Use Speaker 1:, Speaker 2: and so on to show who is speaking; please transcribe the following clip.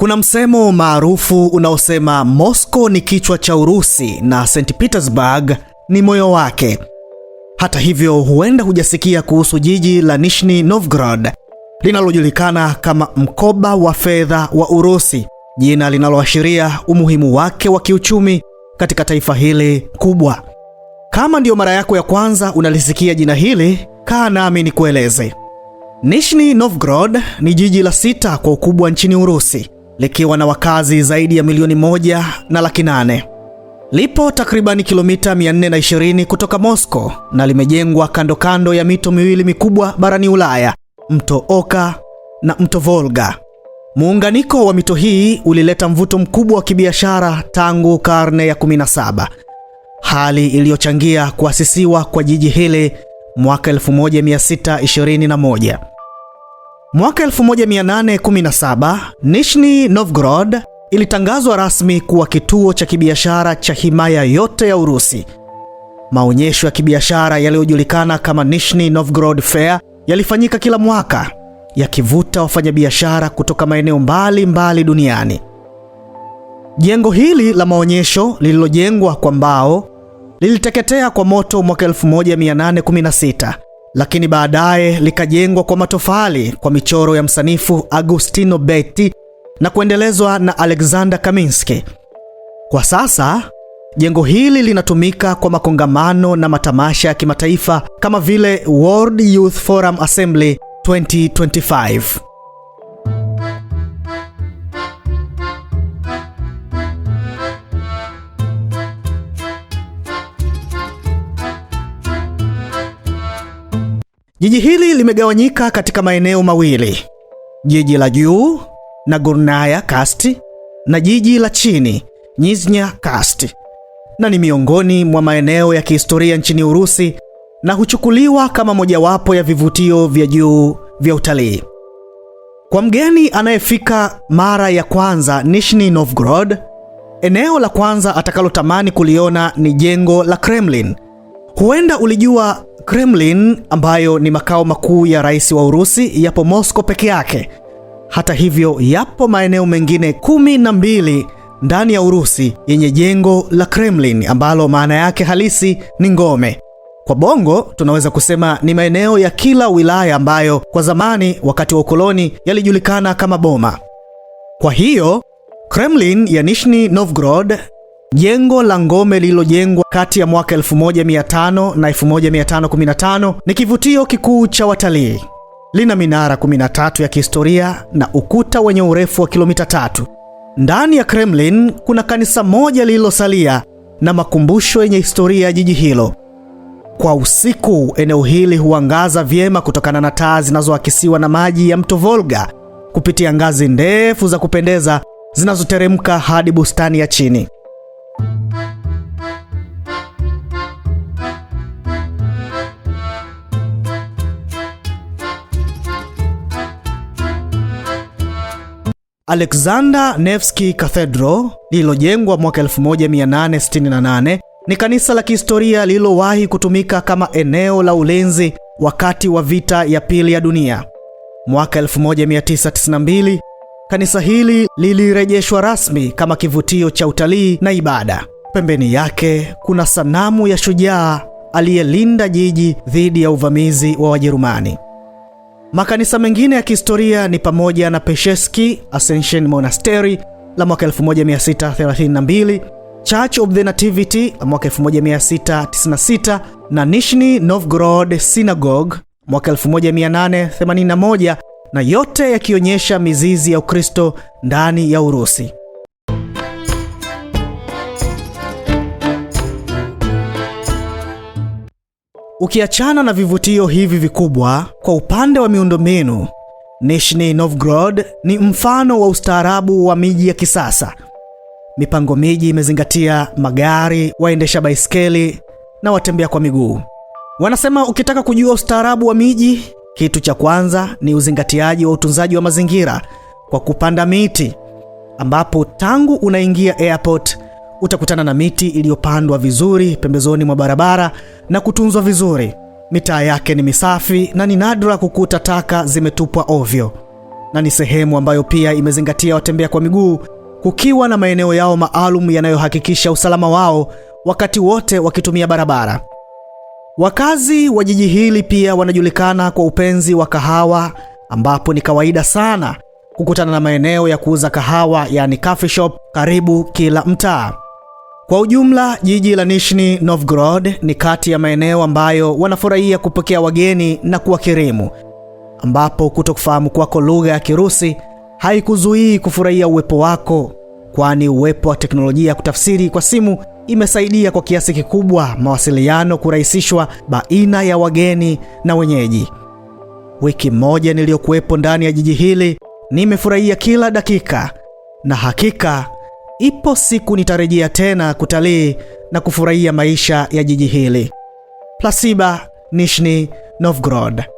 Speaker 1: Kuna msemo maarufu unaosema Moscow ni kichwa cha Urusi na St. Petersburg ni moyo wake. Hata hivyo, huenda hujasikia kuhusu jiji la Nishni Novgorod linalojulikana kama mkoba wa fedha wa Urusi, jina linaloashiria umuhimu wake wa kiuchumi katika taifa hili kubwa. Kama ndiyo mara yako ya kwanza unalisikia jina hili, kaa nami nikueleze. nishni Novgorod ni jiji la sita kwa ukubwa nchini Urusi likiwa na wakazi zaidi ya milioni moja na laki nane. Lipo takribani kilomita 420 kutoka Moscow na limejengwa kando kando ya mito miwili mikubwa barani Ulaya, mto Oka na mto Volga. Muunganiko wa mito hii ulileta mvuto mkubwa wa kibiashara tangu karne ya 17, hali iliyochangia kuasisiwa kwa jiji hili mwaka 1621. Mwaka 1817 Nishni Novgorod ilitangazwa rasmi kuwa kituo cha kibiashara cha himaya yote ya Urusi. Maonyesho ya kibiashara yaliyojulikana kama Nishni Novgorod Fair yalifanyika kila mwaka, yakivuta wafanyabiashara kutoka maeneo mbalimbali duniani. Jengo hili la maonyesho lililojengwa kwa mbao liliteketea kwa moto mwaka 1816 lakini baadaye likajengwa kwa matofali kwa michoro ya msanifu agustino Betti na kuendelezwa na Alexander Kaminski. Kwa sasa jengo hili linatumika kwa makongamano na matamasha ya kimataifa kama vile World Youth Forum Assembly 2025. Jiji hili limegawanyika katika maeneo mawili, jiji la juu Gurnaya Kasti na jiji la chini Nizhny Kasti, na ni miongoni mwa maeneo ya kihistoria nchini Urusi na huchukuliwa kama mojawapo ya vivutio vya juu vya utalii. Kwa mgeni anayefika mara ya kwanza Nizhny Novgorod, eneo la kwanza atakalotamani kuliona ni jengo la Kremlin. Huenda ulijua Kremlin ambayo ni makao makuu ya rais wa Urusi yapo Moscow peke yake. Hata hivyo, yapo maeneo mengine kumi na mbili ndani ya Urusi yenye jengo la Kremlin ambalo maana yake halisi ni ngome. Kwa Bongo tunaweza kusema ni maeneo ya kila wilaya ambayo kwa zamani wakati wa ukoloni yalijulikana kama boma. Kwa hiyo Kremlin ya nishni Novgorod Jengo la ngome lililojengwa kati ya mwaka 1500 na 1515 ni kivutio kikuu cha watalii. Lina minara 13 ya kihistoria na ukuta wenye urefu wa kilomita tatu. Ndani ya Kremlin kuna kanisa moja lililosalia na makumbusho yenye historia ya jiji hilo. Kwa usiku, eneo hili huangaza vyema kutokana na taa zinazoakisiwa na maji ya mto Volga kupitia ngazi ndefu za kupendeza zinazoteremka hadi bustani ya chini. Alexander Nevsky Cathedral lililojengwa mwaka 1868 ni kanisa la kihistoria lililowahi kutumika kama eneo la ulinzi wakati wa vita ya pili ya dunia. Mwaka 1992 kanisa hili lilirejeshwa rasmi kama kivutio cha utalii na ibada. Pembeni yake kuna sanamu ya shujaa aliyelinda jiji dhidi ya uvamizi wa Wajerumani. Makanisa mengine ya kihistoria ni pamoja na Pesheski Ascension Monastery la mwaka 1632, Church of the Nativity mwaka 1696 na Nishni Novgorod Synagogue mwaka 1881 na yote yakionyesha mizizi ya Ukristo ndani ya Urusi. Ukiachana na vivutio hivi vikubwa, kwa upande wa miundombinu, Nizhny Novgorod ni mfano wa ustaarabu wa miji ya kisasa. Mipango miji imezingatia magari, waendesha baiskeli na watembea kwa miguu. Wanasema ukitaka kujua ustaarabu wa miji, kitu cha kwanza ni uzingatiaji wa utunzaji wa mazingira kwa kupanda miti, ambapo tangu unaingia airport Utakutana na miti iliyopandwa vizuri pembezoni mwa barabara na kutunzwa vizuri. Mitaa yake ni misafi na ni nadra kukuta taka zimetupwa ovyo, na ni sehemu ambayo pia imezingatia watembea kwa miguu, kukiwa na maeneo yao maalum yanayohakikisha usalama wao wakati wote wakitumia barabara. Wakazi wa jiji hili pia wanajulikana kwa upenzi wa kahawa, ambapo ni kawaida sana kukutana na maeneo ya kuuza kahawa, yani coffee shop, karibu kila mtaa. Kwa ujumla jiji la nishni Novgorod ni kati ya maeneo ambayo wanafurahia kupokea wageni na kuwakirimu, ambapo kutokufahamu kwako lugha ya Kirusi haikuzuii kufurahia uwepo wako, kwani uwepo wa teknolojia ya kutafsiri kwa simu imesaidia kwa kiasi kikubwa mawasiliano kurahisishwa baina ya wageni na wenyeji. Wiki moja niliyokuwepo ndani ya jiji hili nimefurahia kila dakika na hakika Ipo siku nitarejea tena kutalii na kufurahia maisha ya jiji hili. Plasiba, Nishni Novgorod.